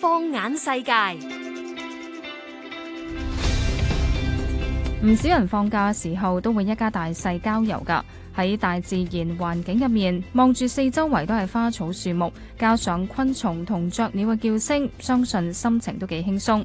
放眼世界，唔少人放假嘅時候都會一家大細郊遊㗎。喺大自然環境入面，望住四周圍都係花草樹木，加上昆蟲同雀鳥嘅叫聲，相信心情都幾輕鬆。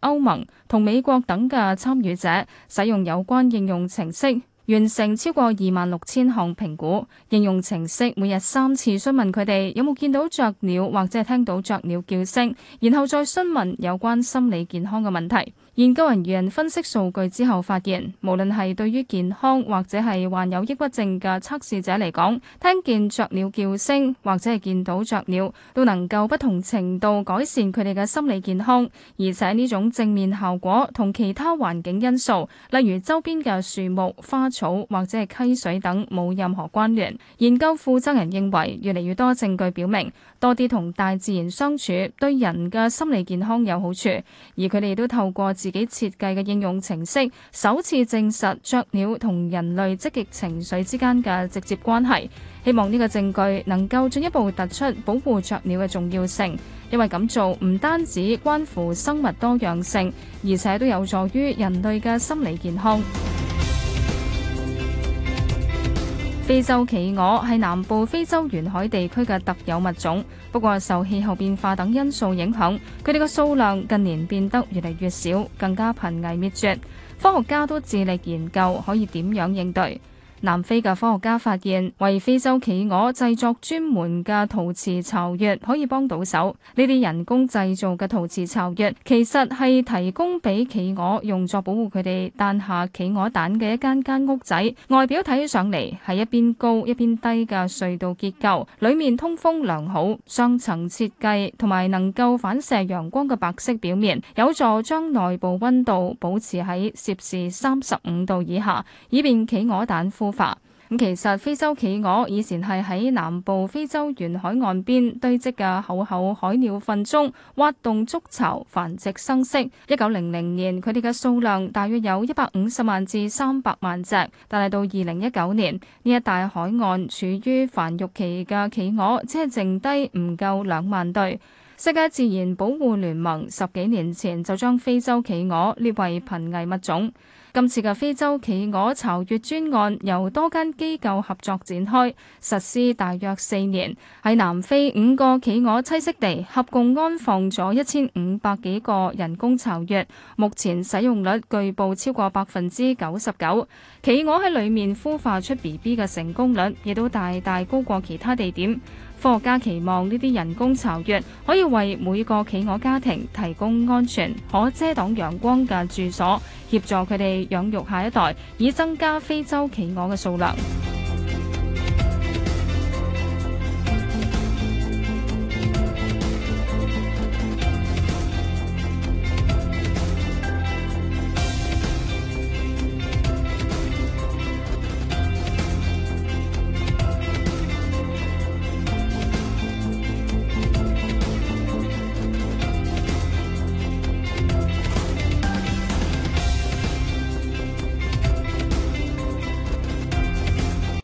歐盟同美國等嘅參與者使用有關應用程式，完成超過二萬六千項評估。應用程式每日三次詢問佢哋有冇見到雀鳥或者係聽到雀鳥叫聲，然後再詢問有關心理健康嘅問題。研究人員分析數據之後發現，無論係對於健康或者係患有抑鬱症嘅測試者嚟講，聽見雀鳥叫聲或者係見到雀鳥都能夠不同程度改善佢哋嘅心理健康，而且呢種正面效果同其他環境因素，例如周邊嘅樹木、花草或者係溪水等冇任何關聯。研究負責人認為，越嚟越多證據表明，多啲同大自然相處對人嘅心理健康有好處，而佢哋亦都透過自己設計嘅應用程式，首次證實雀鳥同人類積極情緒之間嘅直接關係。希望呢個證據能夠進一步突出保護雀鳥嘅重要性，因為咁做唔單止關乎生物多樣性，而且都有助於人類嘅心理健康。非洲企鵝係南部非洲沿海地區嘅特有物種，不過受氣候變化等因素影響，佢哋嘅數量近年變得越嚟越少，更加瀕危滅絕。科學家都致力研究可以點樣應對。南非嘅科學家發現，為非洲企鵝製作專門嘅陶瓷巢穴可以幫到手。呢啲人工製造嘅陶瓷巢穴，其實係提供俾企鵝用作保護佢哋誕下企鵝蛋嘅一間間屋仔。外表睇起上嚟係一邊高一邊低嘅隧道結構，裡面通風良好，雙層設計同埋能夠反射陽光嘅白色表面，有助將內部温度保持喺攝氏三十五度以下，以便企鵝蛋孵。咁其實非洲企鵝以前係喺南部非洲沿海岸邊堆積嘅厚厚海鳥糞中挖洞築巢繁殖生息。一九零零年佢哋嘅數量大約有一百五十萬至三百萬隻，但係到二零一九年呢一帶海岸處於繁育期嘅企鵝只係剩低唔夠兩萬對。世界自然保護聯盟十幾年前就將非洲企鵝列為瀕危物種。今次嘅非洲企鵝巢穴專案由多間機構合作展開，實施大約四年。喺南非五個企鵝棲息地，合共安放咗一千五百幾個人工巢穴，目前使用率據報超過百分之九十九。企鵝喺裡面孵化出 BB 嘅成功率亦都大大高過其他地點。科學家期望呢啲人工巢穴可以為每個企鵝家庭提供安全、可遮擋陽光嘅住所，協助佢哋養育下一代，以增加非洲企鵝嘅數量。